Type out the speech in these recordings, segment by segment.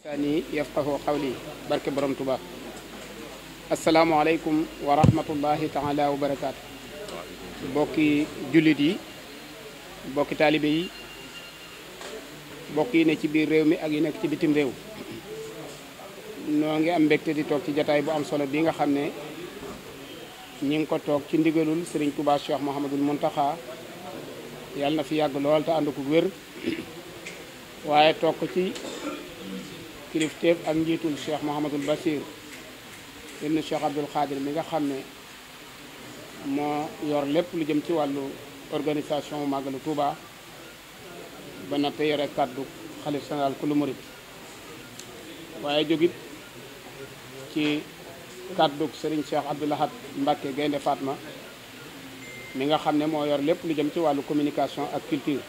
saani yafqahu qawli barke borom Tuubaa asalaamaaleykum wa rahmatullahi taala wa barakaatu bokki jullit yi bokki taalibe yi bokk yi ne ci biir réew mi ak yi nekk ci bitim réew noo ngi am mbégte di toog ci jataay bu am solo bi nga xam ne ñi ngi ko toog ci ndigalul Serigne Touba Cheikh Mouhamadul Mountakha yàlla na fi yàgg lool te ànd ko wér waaye toog ci kilifteef ak njiitul cheikh Mouhamadul Basir ibn cheikh Abdul Xaadir mi nga xam ne moo yor lépp lu jëm ci wàllu organisation màggalu Touba ba na te yore kàddu xalif général ku lu murit waaye jógit ci kàddu Serigne Cheikh Abdoul Ahad Mbacke Gaynde Fatma mi nga xam ne moo yor lépp lu jëm ci wàllu communication ak culture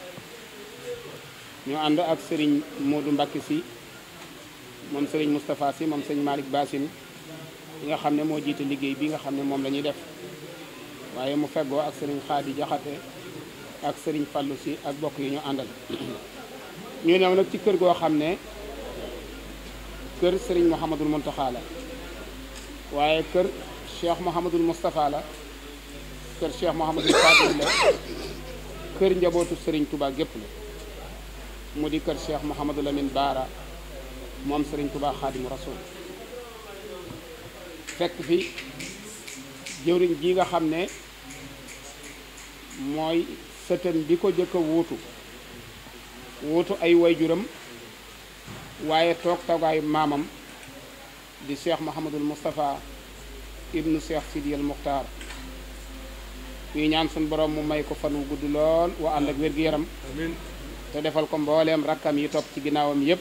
ñu ànd ak Serigne Modou Mbacke si mom serigne mustapha si mom serigne malik Bassine yi nga xamne mo jité liggéey bi nga xamne mom lañuy def waye mu feggo ak serigne khadi Jaxate ak serigne Fallu si ak bokk yi ñu àndal ñu new nak ci kër go xamne kër serigne Mouhamadul Mountakha la waye kër Cheikh Mouhamadul mustapha la kër Cheikh Mouhamadul Fadil la kër njabootu serigne Touba gep la mu kër Cheikh Mouhamadul Amin bara موم سيرن توبا خادم رسول فك في جورين جيغا خامني موي ستن ديكو جيكو ووتو ووتو اي واي جورم واي توك توغاي مامام دي شيخ محمد المصطفى ابن شيخ سيدي المختار ñuy ñaan suñ borom mu may ko fan wu gudd lool wa ànd ak wér gi yaram amin te defal ko mboolem rakam yi top ci ginaawam yépp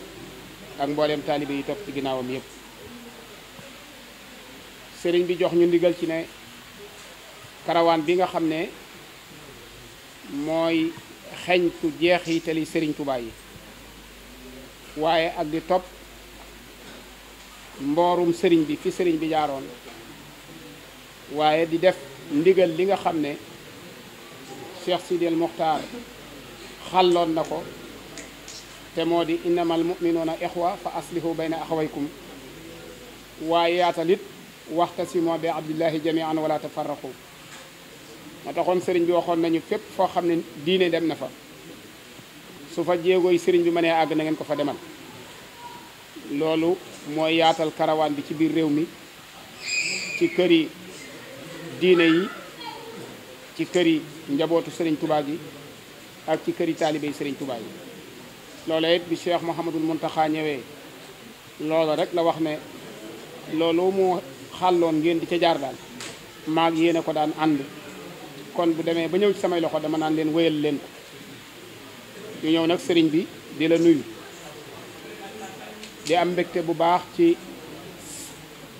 ak mbooleem taalibe yi topp ci ginnaawam yépp sëriñ bi jox ñu ndigal ci ne karawaan bi nga xam ne mooy xeñtu jeexitali sëriñ Tuubaa yi waaye ak di topp mboorum sëriñ bi fi sëriñ bi jaaroon waaye di def ndigal li nga xam ne Cheikh Sidil Mokhtar xalloon na ko تمودي إنما المؤمنون إخوة فأصلحوا بين أخويكم وياتليت واختصموا بعبد الله جميعا ولا تفرقوا ما تكون سرنج واخون نيو فيب فو خامن دين دم نفا سوفا جيغوي سرنج بي ماني اغ نين كو فا ديمال لولو مو ياتال كاروان دي سي بير ريومي سي كيري دين يي سي كيري نجابوتو سرنج توبا جي اك سي كيري طالبي سرنج loole it bi Cheikh Mouhamadul Muntaxa ñëwee loola rek la wax ne loolo mu xàlloon ngeen di ca jaar daal maag yéen ko daan ànd kon bu demee ba ñëw ci samay loxo dama naan leen wéyal leen ko ñu ñëw nag sëriñ bi di la nuyu di am mbegte bu baax ci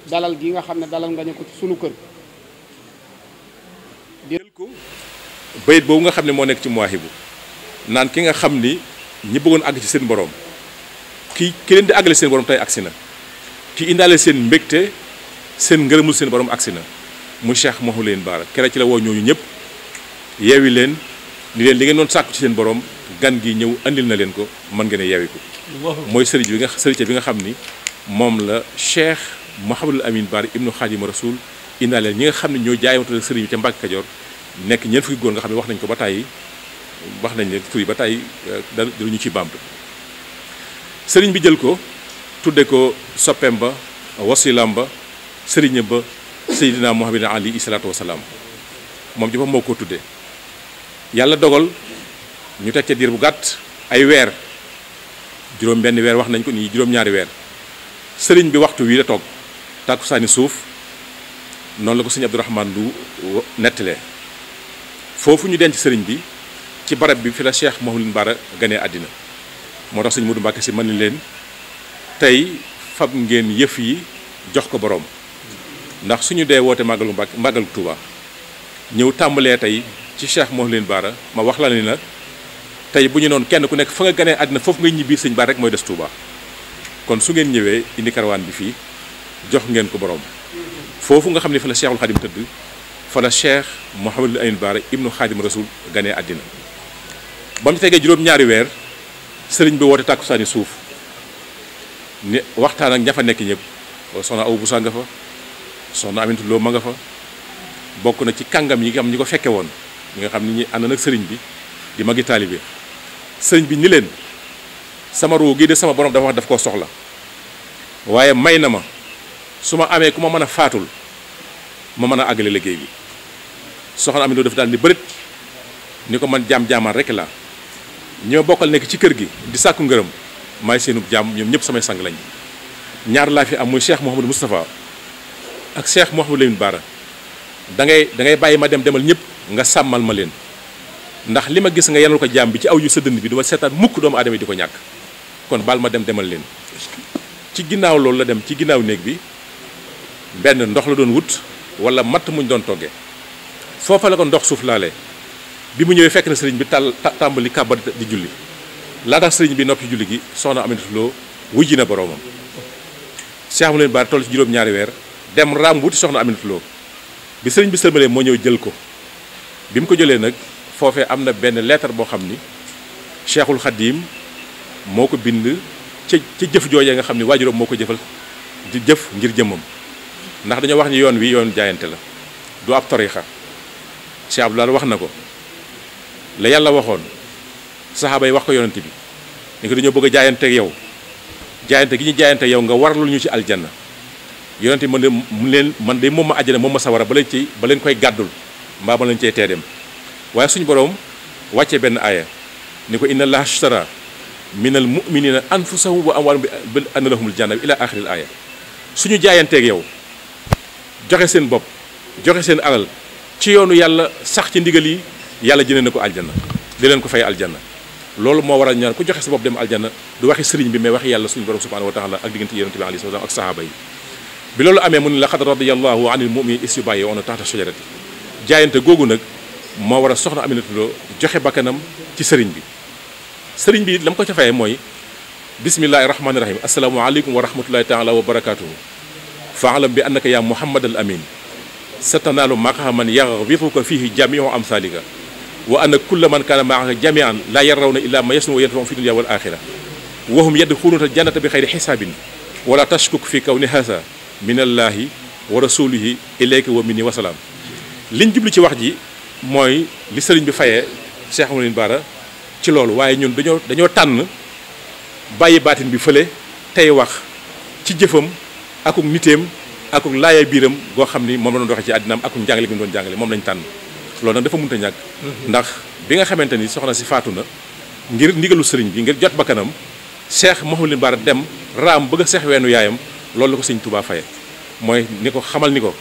dalal gi nga xam ne dalal nga ñu ko ci sunu kër di ko bayit boobu nga xam ne moo nekk ci Mawaahibu naan ki nga xam ni ñi bëggoon àgg ci seen borom ki ki leen di àggale seen borom tey agsi na ki indaale seen mbégte seen ngërëmul seen borom agsi na mu Cheikh Mawlou leen baara kere ci la ñooñu ñëpp yeewi leen ni leen li ngeen doon sàkku ci seen borom gan gi ñëw andil na leen ko mën ngeen a yeewi ko mooy sëriñ bi nga sëriñ bi nga xam ni moom la Cheikh Mouhamadul Amin Baara ibnu Xaadimu Rasul indaale ñi nga xam ne ñoo jaayamatu sëriñ bi ca Mbàkke Kajoor nekk ñeent fukki góor nga xam ne wax nañ ko ba tàyyi wax nañ leen tur yi ba tey euh, dañu ci bamtu sëriñ bi jël ko tudde ko soppeem ba wasilaam ba sëriñam ba seydina muhammad ali isalaatu wasalaam moom ci boppam moo ko tudde yàlla dogal ñu teg ca diir bu gàtt ay weer juróom benn weer wax nañ ko nii juróom-ñaari weer sëriñ bi waxtu wii la toog tàkkusaani suuf noonu la ko sëriñ abdourahman du nettalee foofu ñu denc sëriñ bi ci barab bi fi la Cheikh Mawlin Bara ganee àddina moo tax sëñ Modou Mbacke si mën ni leen tey fab ngeen yëf yi jox ko boroom ndax suñu dee woote màggalu Mbacke màggalu Touba ñëw tàmbalee tey ci Cheikh Mawlin Bara ma wax la ni la tey bu ñu noonu kenn ku nekk fa nga àddina foofu ngay ñibbi sëñ Bara rek mooy kon su ngeen ñëwee indi karawaan bi fii jox ngeen ko boroom foofu nga xam ne fa la Cheikhul Khadim tëdd fa la Cheikh Mouhamadul Amin Bara ibnu Khadim Rasoul ganee àddina ba mu tegee juróom-ñaari weer sëriñ bi woote tàkkusaani suuf ni waxtaan ak ña fa nekk ñëpp soxna aw busa nga fa soxna amintu loo ma nga fa bokk na ci kàngam yi nga xam ñi ko fekke woon ñi nga xam ni ñi ànd nag sëriñ bi di magi taalibe sëriñ bi ni leen sama ruu gii de sama borom dafa wax daf koo soxla waaye may na ma su ma amee ku ma mën a faatul ma mën a àggale liggéey bi soxna amintu daf daal ni bërit ni ko man jaam-jaamaan rekk la ñoo bokal nekk ci kër gi di sàkku ngërëm maay seenub jam ñoom ñëpp samay sang lañ ñaar laa fi am muy cheikh mohamadou moustapha ak cheikh mohamadou lamine baara da ngay da ngay dem demal ñëpp nga sàmmal ma leen ndax lima gis nga yenal ko jam bi ci aw sa dënd bi duma seetaan mukk di ko kon bal ma dem demal leen ci ginnaaw loolu la dem ci ginnaaw néeg bi benn ndox la doon wut wala matt muñ doon la ko ndox suuf bi mu ñëwee fekk na sëriñ bi tal tàmbali kàbbar di julli laata sëriñ bi noppi julli gi soxna Aminata Lo wujji na boroomam Cheikh Amadou Bara toll ci juróom-ñaari weer dem raam wuti soxna Aminata Lo bi sëriñ bi sëlmalee moo ñëw jël ko bi mu ko jëlee nag benn lettre Cheikhul Khadim moo bind ca ca jëf joojee nga xam ni waajuram jëfal di jëf ngir jëmmam ndax dañoo wax ni yoon wi yoon jaayante la du ab tarixa Cheikh wax ko la yàlla waxoon saxaaba wax ko yonent bi ni ko dañoo bëgg a jaayante yow jaayante ki ñu jaayante ak yow nga warlul ñu ci aljanna yonent bi mën mu leen man de moom ma àjjana moom ma sawara ba leen ci ba leen koy gàddul mbaa ba leen tee waaye suñu borom wàcce benn aaya ni ko inna allaha ashtara min al muminina anfusahum wa amwalahum bi suñu jaayanteeg yow joxe seen bopp joxe seen alal ci yoonu yàlla sax ci ndigal yi yàlla jëlee na ko aljanna di leen ko fay aljanna loolu moo waral ñaan ku joxe sa bopp dem aljanna du waxi sëriñ bi mais waxi yàlla suñu borom subhanahu wa taala ak diggante yonente bi alayhi salaam ak sahaaba yi bi loolu amee mu ne la xad radiyallahu anil mu'minin is yubayyi'una tahta shajarati jaayante googu nag moo war a soxna Aminata Lo joxe bakkanam ci sëriñ bi sëriñ bi la mu ko ca fayee mooy bismillahi rahmani rahim asalaamaaleykum wa rahmatullahi taala wa barakatuhu faalam bi annaka yaa muhammad al amin sa tanaalu maqaman yaghbiduka fihi jamiu amsalika وأن كل من كان معه جميعا لا يرون إلا ما يسمع ويرون في الدنيا والآخرة وهم يدخلون الجنة بخير حساب ولا تشكك في كون هذا من الله ورسوله إليك ومني وسلام لين جبلي شيء واحد موي لسرين بفاية شيخ مولين بارا تلول واي نيون دنيو دنيو تان باي باتين بفلي تاي واخ تي جيفم اكو نيتيم اكو لاي بيرم غو خامني موم لا دوخ سي ادنام اكو جانغلي دون جانغلي موم لا نتان loolu nag dafa mënta ñàkk ndax bi nga xamante ni soxna si faatu na ngir ndigalu sëriñ bi ngir jot bakkanam seex Mouhamadou Bara dem ram bëgg a seex weenu yaayam loolu la ko sëñ Touba faye mooy ni ko xamal ni ko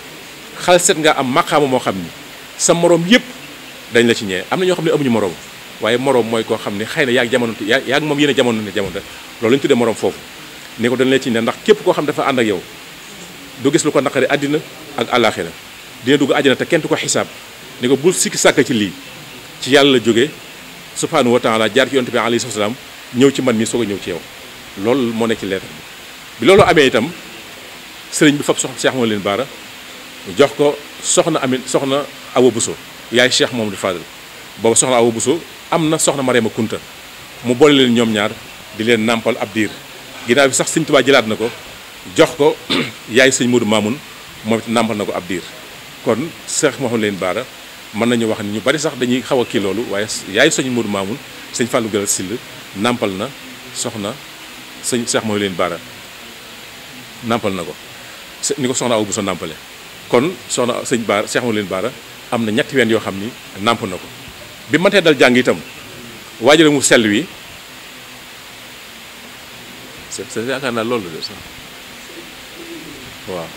xal set nga am maqaama moo xam ni sa moroom yëpp dañ la ci ñee am na ñoo xam ne amuñu moroom waaye moroom mooy koo xam niko xëy na yaag jamono yaa yaag moom jamono ne jamono ko dañ la ci ndax képp koo xam dafa ànd ak yow du gis lu ko nakari àddina ak àllaaxira dina dugg àjjana te kenn ko ni ko bul sikki sàkk ci lii ci yàlla la jóge subhaanahu wa taala jaar ci yonte bi alayhi salaam ñëw ci man mi soo a ñëw ci yow lool moo nekk ci lettre bi bi amee itam sëriñ bi fab soxna Cheikh moom leen baara jox ko soxna amit soxna Awa Bousso yaay Cheikh Mamadou Fadel booba soxna Awa buso am na soxna Mariama Kunta mu boole leen ñoom ñaar di leen nàmpal ab diir ginnaaw bi sax sëñ Tuubaa jëlaat na ko jox ko yaay sëñ Modou Mamoun moom it nàmpal na ko ab diir kon Cheikh Mouhamadou leen baara mën nañu wax ni ñu bari sax dañuy xaw a kii loolu waaye yaay sëñ Mourou Mamoun sëñ Fallou Gala Syll nàmpal na soxna sëñ Cheikh mooy leen baara nàmpal na ko ni ko soxna aw bu so nàmpale kon soxna sëñ baara Cheikh mooy leen baara am na ñetti ween yoo xam ni nàmp na ko bi matee dal jàng itam waajale mu sel wi c'est yaakaar naa loolu de sax waaw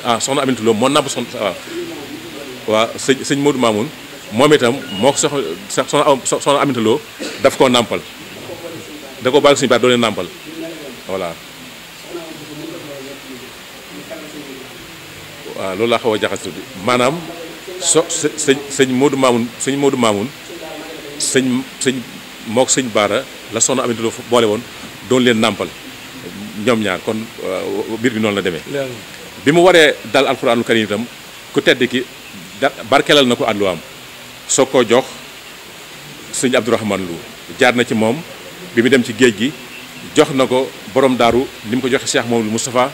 ah soxna Aminata Lo moo nàmp soxna ah, waaw waaw sëñ sëñ Modou Mamoun moom itam moo ko soxna soxna Aminata daf koo nàmpal da ko baal voilà loolu laa a jaxas maanaam so sëñ sëñ Modou sëñ Modou Mamoun sëñ sëñ mook sëñ Baara la soxna Aminata Lo boole woon doon leen nàmpal ñoom ñaar kon biir bi noonu la demee bi mu waree dal alxuraanul karim itam ku tedd ki barkelal na ko àlluwaam soo ko jox sëñ Abdourahmane Lo jaar na ci moom bi mu dem ci géej gi jox na ko borom daaru ni mu ko joxe Cheikh Mamadou Moustapha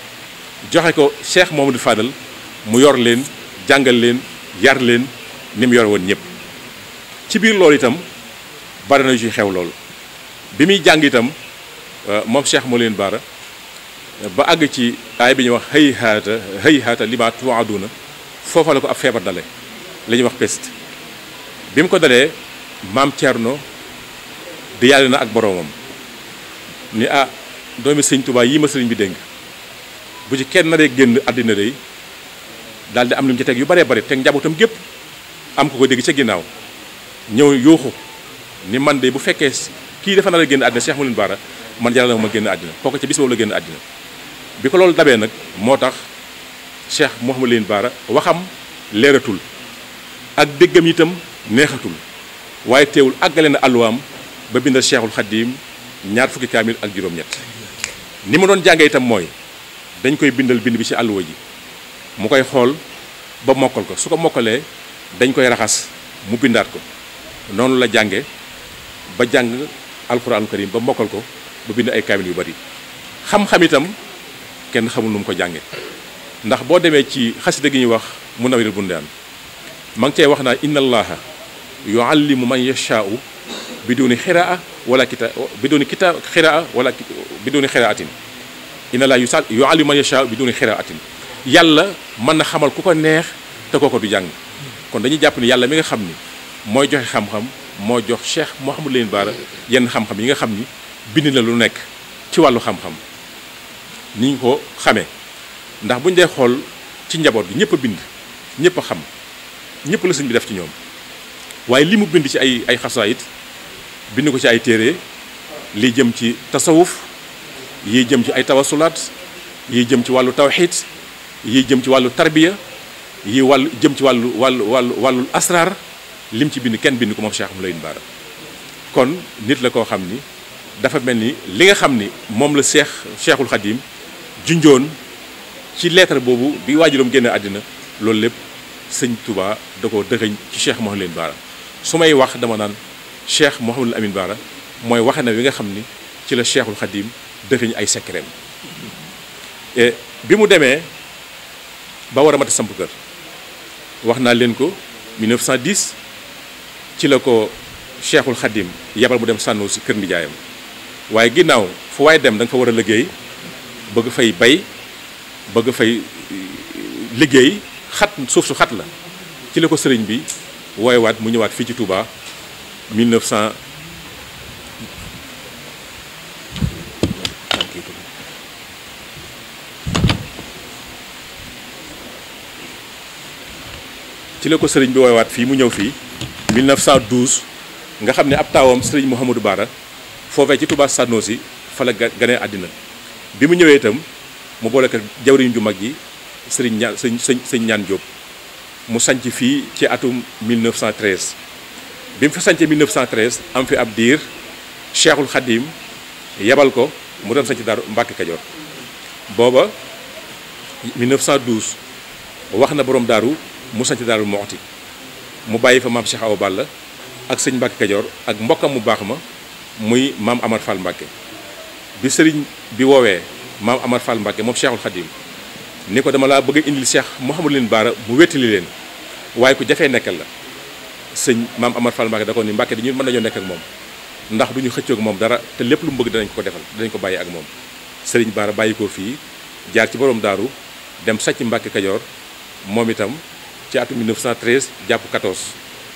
joxe ko Cheikh Mamadou Fadal mu yor leen jàngal leen yar leen ni mu yore woon ñëpp ci biir loolu itam bari na yu ci xew loolu bi muy jàng itam euh, moom Cheikh moo leen baara ba àgg ci aay bi ñuy wax xëy haata xëy haata lima tuaduna foofa la ko ab feebar dale li ñuy wax peste bi mu ko dalee maam Thierno di yàlla na ak boroomam ni ah doomi sëñ Tuubaa yii ma sëriñ bi dénk bu ci kenn naree génn àddina day daal am lu mu ci yu bare bari teg njabootam gépp am ko ko dégg ca ginnaaw ñëw yuuxu ni man de bu fekkee kii dafa na a génn àddina Cheikh Mawlin Baara man jaral na ma génn àddina kooku ci bis boobu la génn àddina bi ko loolu dabee nag moo tax Cheikh Mouhamadou leen Bara waxam leeratul ak déggam itam neexatul waaye teewul àggale na àlluwaam ba bindal Cheikhul Khadim ñaar fukki kaamil ak juróom-ñett ni ma doon jàngee itam mooy dañ koy bindal bind bi ci àlluwa ji mu koy xool ba mokkal ko su ko mokkalee dañ koy raxas mu bindaat ko noonu la jànge ba jàng alxuraanu karim ba mokkal ko ba bind ay kaamil yu bari xam-xam itam kenn xamul num ko jànge ndax bo démé ci khassida gi ñu wax Munawwirul Bundaan ma ngi tay wax na inna allaha yuallimu man yasha'u biduni khira'a wala kitab biduni kitab khira'a wala biduni khira'atin inna la yuallimu man yasha'u biduni khira'atin yàlla man na xamal ku ko neex te koko du jàng kon dañuy jàpp ni yàlla mi nga xamni moy joxe xam-xam mo jox Cheikh mohammed Lamine Bara yenn xam-xam yi nga xamni bindina lu nek ci walu xam xam-xam ni ñu ko xamee ndax buñ dee xool ci njabot gi ñëpp bind ñëpp xam ñëpp la sëñ bi def ci ñoom waye limu bind ci ay ay xasaayit bind ko ci ay téré li jëm ci tasawuf yi jëm ci ay tawassulat yi jëm ci walu tawhid yi jëm ci walu tarbiya yi wal jëm ci walu walu walu walu asrar lim ci bind ken bind ko mom Cheikh Moulay Bara kon nit la ko xamni dafa melni li nga xamni mom la cheikh cheikhul khadim junjoon ci lettre boobu bi waajuram génne àddina loolu lépp sëñ tubaa da ko dëxëñ ci Cheikh Mouhamadou Lamine Bara su may wax dama naan Cheikh Mouhamadou Lamine Bara mooy waxe na wi nga xam ni ci la Cheikhul Khadim dëxëñ ay secret e, bi mu demee ba war a mat samp kër wax naa leen ko 1910 ci la ko Cheikhul Khadim yabal mu dem sànnu si kër nijaayam waaye ginnaaw fu waaye dem da nga fa war a liggéey bëgg fay bay bëgg fay eh, liggéey xat suuf su xat la ci la ko sëriñ bi wooyewaat mu ñëwaat fii ci Touba 1900 ci la bi wooyewaat fii mu ñëw fii 1912 nga xam ne ab taawam sëriñ Mouhamadou Bara foofee ci tubaa Sanosi fa la gane àddina bi mu ñëwee itam mu boole ko jawriñ ju mag yi sëriñ ñaan sëñ sëñ sëñ ñaan Diop mu sanc fii ci atum 1913 bi mu fi sancee 1913 am fi ab diir Cheikhul Khadim yebal ko mu dem sanc Daaru Mbàkke Kajoor booba 1912 wax na borom daaru mu sanc Daaru Moxti mu bàyyi fa maam Cheikh Awa Balla ak sëñ Mbàkke Kajoor ak mbokkam mu baax ma muy maam Amar Fall Mbàkke bi sëriñ bi woowee maam Amar Fall Mbacke moom Cheikhul Khadim ni ko dama laa bëgg a indil Cheikh Mouhamadou leen Baara mu wettali leen waaye ku jafee nekkal la sëñ maam Amar Fall Mbacke da ko ni Mbacke dañu mën nañoo nekk ak moom ndax du ñu xëccoo moom dara te lépp lu mu bëgg danañ ko defal danañ ko bàyyi ak moom sëriñ Baara bàyyi ko fii jaar ci borom daaru dem sàcc Mbacke Kajoor moom itam ci atum 1913 jàpp 14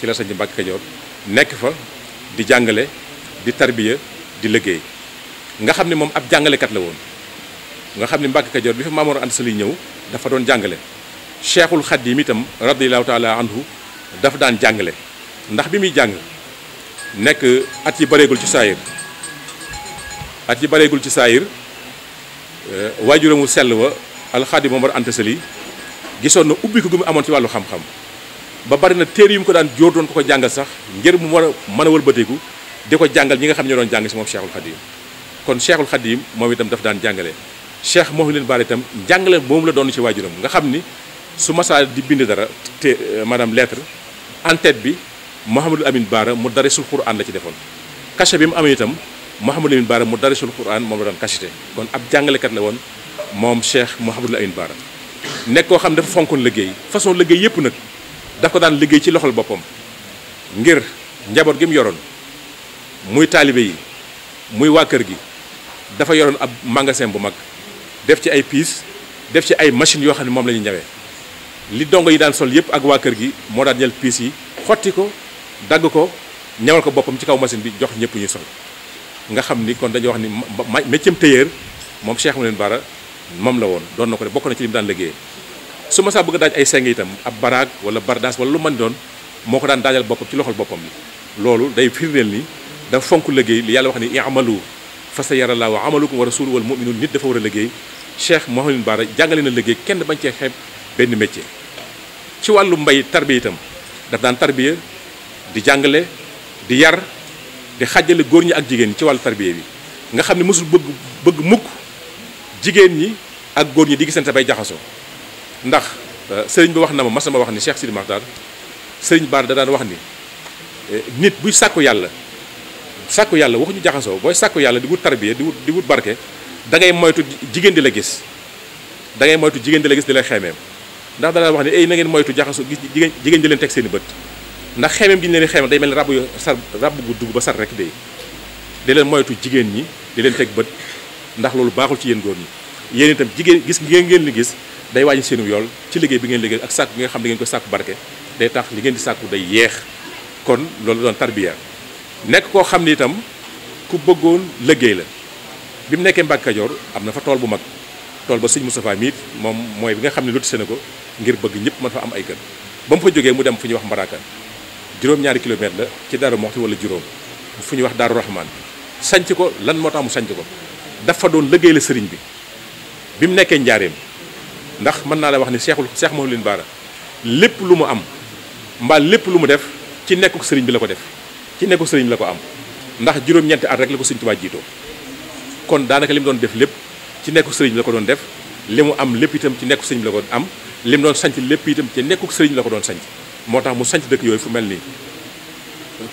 ci la sàcc Mbacke Kajoor nekk fa di jàngale di tarbiya di liggéey. nga xam ne moom ab jàngalekat la woon nga xam ne Mbàkke Kajoor bi fa Maamoor Anta Sali ñëw dafa doon jàngale Cheikhul itam radiyallahu taala anhu dafa daan jàngale ndax bi muy jàng nekk at yi bareegul ci saayir at yi bareegul ci saayir eh, waajuramu sell wa alxaadi Maamoor Anta Sali gisoon na ubbi ko gu mu amoon ci wàllu xam-xam ba bari na téere yu mu ko daan jóor doon ko ko jàngal sax ngir mu war a mën a ñi nga xam ne doon jàng Cheikhul kon cheikhul xadim moom itam daf daan jàngale cheikh moom leen baal itam jàngale moom la doon ci waajuram nga xam ni su masaa di bind dara te euh, maanaam lettre en tête bi Mouhamadul Amin Baara mu dare sul Qur'an la ci defoon cachet bi mu amee itam Mouhamadul Amin Baara mu dare sul Qur'an moom la daan cachete kon ab jàngalekat la woon moom cheikh Mouhamadul Amin Baara nekk koo xam ne dafa fonkoon liggéey façon liggéey yëpp nag daf ko daan liggéey ci loxol boppam ngir njaboot gi mu yoroon muy taalibe muy waa kër gi dafa yoroon ab magasin bu mag def ci ay piis def ci ay machine yoo xam ne moom la ñuy ñawee li dongo yi daan sol yëpp ak waa kër gi moo daan jël piis yi xotti ko dagg ko ñawal ko boppam ci kaw machine bi jox ñëpp ñuy sol nga xam ni kon dañuy wax ni ma méccam téyeer moom Cheikh leen Bara moom la woon doon na ko de bokk na ci li mu daan liggéeyee bëgg daaj ay seng itam ab baraag wala bardaas wala lu man doon moo ko daan daajal boppam ci loxol boppam loolu day firndeel ni dafa fonk liggéey li yàlla wax ni i'malu fa sa yara laa wa amalukum wa rasulu wal muminun nit dafa war a liggéey Cheikh Mouhamadou Bara jàngale na liggéey kenn bañ cee xeeb benn métier ci wàllu mbay tarbiya itam daf daan tarbiya di jàngale di yar di xàjjale góor ñi ak jigéen ñi ci wàllu tarbiya bi nga xam ne mosul bëgg bëgg mukk jigéen ñi ak góor ñi di gisante bay jaxasoo ndax euh, sëriñ bi wax na ma mas na ma wax ni Cheikh Sidi Makhtar sëriñ Bara da daan wax ni euh, nit buy sàkku yàlla sàkku yàlla waxuñu jaxasoo booy sàkku yàlla di wut tarbiya di wut di wut barke da ngay moytu jigéen di la gis da ngay moytu jigéen di la gis di la xeemeem ndax dana wax ne ay nangeen moytu jaxasoo gis jigéen ji di leen teg seen i bët ndax xeemeem gi ñu leen xeemeem day mel ni yoo yu sar rab gu dugg ba sar rek day di leen moytu jigéen ñi di leen teg bët ndax loolu baaxul ci yéen góor ñi yéen itam jigéen gis ngeen ngeen li gis day wàññi seenu yool ci liggéey bi ngeen liggéey ak sàkku bi nga xam ne ngeen ko sàkku barke day tax li ngeen di sàkku day yeex kon loolu doon tarbiya nekk koo xam ne itam ku bëggoon liggéey la bi mu nekkee Mbàkke Kajoor am na fa tool bu mag tool ba sëñ Moustapha miit moom mooy bi nga xam ne lotissé na ko ngir bëgg ñëpp mën fa am ay kër ba mu fa jógee mu dem fu ñuy wax Mbaraka juróom-ñaari kilomètre la ci Daaru Moxti wala juróom fu ñu wax Daaru Rahman sanc ko lan moo tax mu sanc ko dafa doon liggéey la sëriñ bi bi mu nekkee njaareem ndax mën naa la wax ni seexul seex Mawlin Baara lépp lu mu am mbaa lépp lu mu def ci nekkuk sëriñ bi la ko def ci nekku sëriñ la ko am ndax juróom-ñeenti at rek la ko sëriñ Tuubaa jiitoo kon daanaka li mu doon def lépp ci nekku sëriñ la ko doon def li mu am lépp itam ci nekku sëriñ la ko am li doon sanc lépp itam ci nekku sëriñ la ko doon sanc moo tax mu sanc dëkk yooyu fu mel ni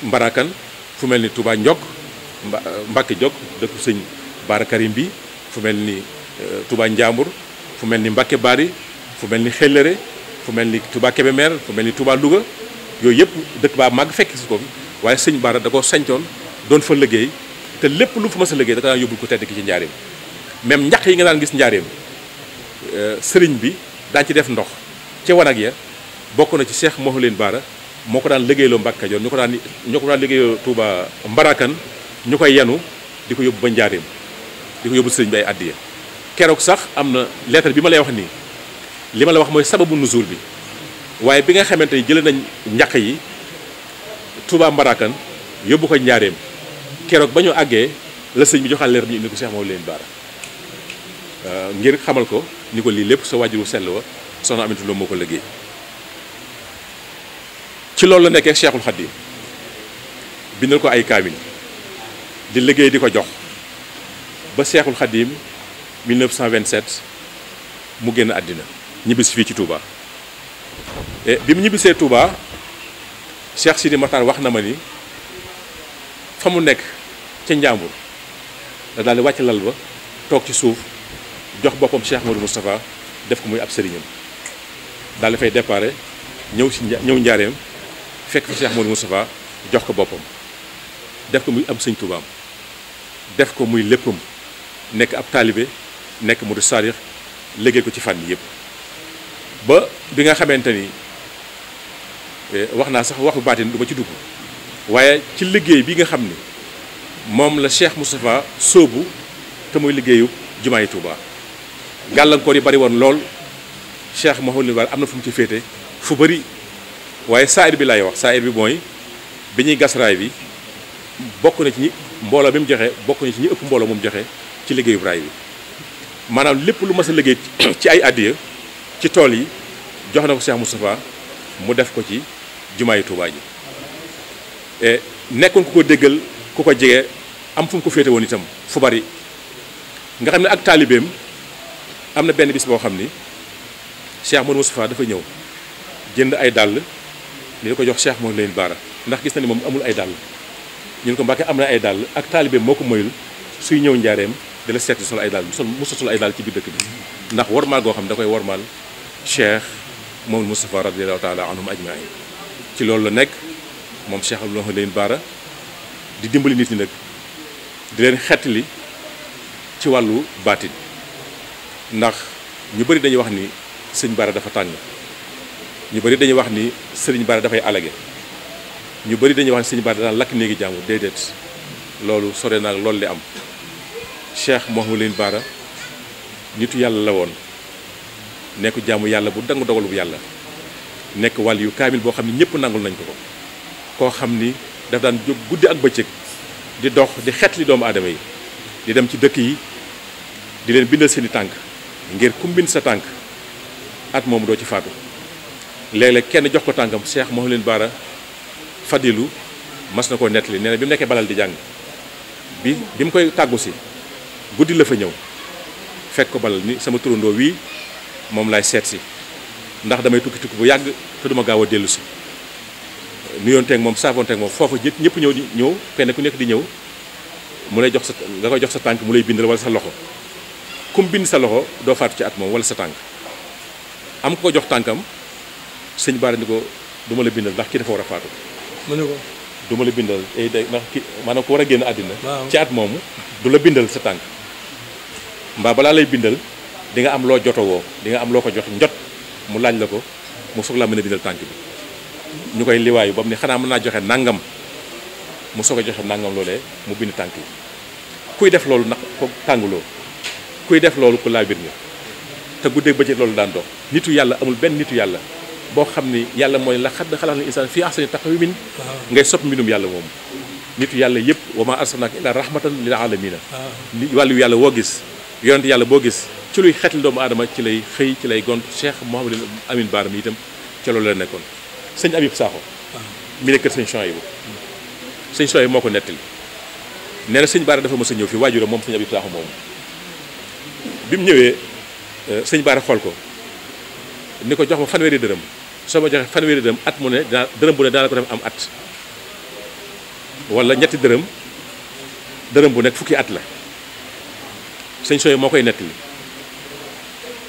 Mbarakan fu mel ni Touba Ndiog Mbacke Ndiog dëkku sëñ Baara bi fu mel ni e, Touba Ndiambour fu mel ni Mbacke Bari fu mel ni Xellere fu mel ni Touba Kébémer fu mel ni Touba Louga yooyu yëpp dëkk baa màgg fekk si ko waaye sëñ Bara da ko sañcoon doon fa liggéey te lépp lu fa ma a liggéey da ko daan yóbbul ko tedd ki ci njaareem même njax yi nga daan gis njaareem euh, sëriñ bi daan ci def ndox ci wanag ya bokk na ci Cheikh leen Bara moo ko daan liggéeyloo Mbàkke Kajoor ñu ko daan ñu ko daan liggéeyloo Touba Mbarakan ñu koy yenu di ko yóbbu ba njaareem di ko yóbbu sëriñ bi ay addiya keroog sax am na lettre bi ma lay wax nii li ma la wax mooy sababu nuzul bi waaye bi nga xamante ni jëlee nañ ñaq yi Touba Mbarakan yóbbu ko njaareem keroog ba ñu àggee la sëñ bi joxal leer bi ni ko Cheikh Mawlène Bara euh, ngir xamal ko ni ko lii sa waajuru sell wa soxna Aminata Lo moo ko liggéey ci loolu la nekkee Cheikhul Khadim bindal ko ay kaamil di liggéey di ko jox ba Cheikhul Khadim 1927 mu génn àddina ñibbisi fii ci Touba bi mu ñibbisee Touba Cheikh Sidi Matar wax na ma ni fa mu nekk ca njàmbur da daal di wàcc lal ba toog ci suuf jox boppam Cheikh Modou Moustapha def ko muy ab sëriñam daal di fay déparé ñëw si ñëw njaareem fekk fa Cheikh Modou Moustapha jox ko boppam def ko muy ab sëñ tubaam def ko muy léppam nekk ab taalibe nekk murid saadix liggéey ko ci fànn yëpp ba bi nga xamante ni Eh, wax naa sax waxu baatin du ma ci dugg waaye ci liggéey bi nga xam ni moom la Cheikh Moustapha sóobu te muy liggéeyu jumaa yi Touba gàllankoor yi bari woon lool Cheikh Mawalini Ba am na fu mu ci féete fu bari waaye saayir bi laay wax saayir bi mooy bi ñuy gas raay bi bokk na ci ñi mbooloo bi mu joxe bokk na ci ñi ëpp mbooloo moom joxe ci liggéeyu raay bi maanaam lépp lu ma a liggéey ci ay addiya ci tool yi jox na ko Cheikh Moustapha mu def ko ci. jumaayu Touba ji eh, nekkoon ku ko déggal ku ko jege am fu mu ko féete woon itam fu bari nga xam ne ak taalibeem am na benn bis boo xam ni Cheikh dafa ñëw jënd ay dàll ni da ko jox Cheikh Modou Lamine ndax gis na ni moom amul ay dàll ñun ko Mbàkke am na ay dàll ak taalibeem moo ko moyul suy ñëw njaareem dala seet sol ay dàll sol musa sol ay dàll ci biir dëkk bi ndax wormaal goo xam ne da koy wormaal Cheikh Modou Moustapha radiyallahu taala anhum ci loolu la nekk moom Cheikh Abdou Lahad Bara di dimbali nit ñi nag di leen xettali ci wàllu baatin ndax ñu bari dañuy wax ni sëñ Bara dafa tàng ñu bëri dañuy wax ni sëriñ Bara dafay alage ñu bari dañuy wax ni sëñ Bara daan lakk néegi jàmm déedéet loolu sore naa loolu li am Cheikh Mouhamadou Bara nitu yàlla la woon nekk jàmm yàlla bu dangu dogalu bu yàlla nekk wàll yu kaamil boo xam ne ñëpp nangul nañ ko ko koo xam ni daf daan jóg guddi ak bëccëg di dox di xet li doomu aadama yi di dem ci dëkk yi di leen bindal seeni tànk ngir kum sa tànk at moom doo ci faatu léeg-léeg kenn jox ko tànkam seex moo leen baara fadilu mas na ko nettali nee bi mu nekkee balal di jàng bi bi mu koy tàggu si guddi la fa ñëw fekk ko balal ni sama turandoo wii moom laay seet si ndax damay tukki tukki bu yàgg te duma gaaw a dellu si nuyonteeg moom saafonteeg moom foofa jët ñëpp ñëw di ñëw kenn ku nekk di ñëw mu lay jox sa nga koy jox sa tànk mu lay bindal wala sa loxo kum bind sa loxo doo faatu ci at moom wala sa tànk am ko jox tànkam sëñ Bara ni ko du ma la bindal ndax kii dafa war a faatu. mu du ma la bindal ay eh, day ndax ki maanaam ku génn àddina. ci moomu du la bindal sa tànk. mbaa balaa lay bindal di nga am loo jotowoo di nga am loo ko jox njot. mu laaj la ko mu soog laa mën a bindal tànk bi ñu koy liwaayu ba mu ne xanaa mën naa joxe nangam mu soog a joxe nangam loolee mu bind tànk yi kuy def loolu nag ko tànguloo kuy def loolu ku laa bir nga te guddee bëccëg loolu daan dox nitu yàlla amul benn nitu yàlla boo xam ne yàlla mooy la xadd xalaat na insaan fii ahsani taqwiim ngay sopp mbindum yàlla moomu nitu yàlla yëpp wa maa arsalnaaka illaa rahmatan lil aalamiina wàllu yàlla woo gis yonent yàlla boo gis ci luy xeetal doomu aadama ci lay xëy ci lay gont Cheikh Mouhamadou Amine baar mi itam ca loolu la nekkoon sëñ Abib Sakho mi nekk sëñ Souhaïbou sëñ Souhaïbou moo ko na sëñ Bara dafa mës a ñëw fi waajuram moom sëñ Abib Sakho moomu mu ñëwee euh, sëñ Bara xool ko ni ko jox ma fanweeri dërëm soo ma joxee fanweeri dërëm at mu ne daa bu ne daana am at wala ñetti dërëm dërëm bu nekk fukki at la sëñ Souhaïbou moo koy nettali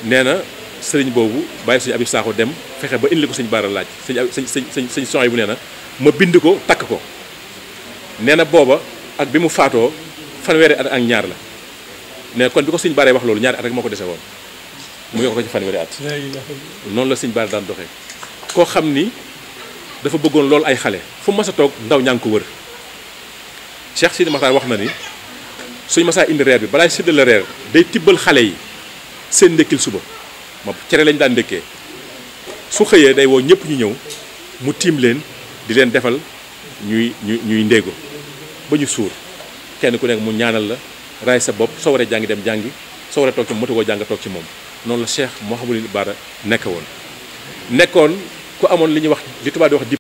nee na sëriñ boobu bàyyi sëñ Abib Sakho dem fexe ba indi ko sëñ Baara laaj sëñ sëñ sëñ sëñ soxna bu nee na ma bind ko takk ko nee na booba ak bi mu faatoo fanweeri at ak ñaar la ne kon bi ko sëñ Baara wax loolu ñaari at rek moo ko dese woon mu yokk ko ci fanweeri at. noonu la sëñ Baara daan doxee. koo xam ni dafa bëggoon loolu ay xale fu mas a toog ndaw ñaa ngi ko wër Cheikh Sidi masaa wax na ni suñ masaa indi reer bi balaay la reer day tibbal xale yi. seen ndekkil suba moom cere lañ daan ndekkee su xëyee day woo ñëpp ñu ñëw mu tiim leen di leen defal ñuy ñuy ñuy ndéego ba ñu suur kenn ku nekk mu ñaanal la raay sa bopp soo waree jàngi dem jàngi soo waree toog ci moom motu koo jàng toog ci moom noonu la Cheikh Mouhamadou Bara nekk woon nekkoon ku amoon li ñuy wax li tubaab di wax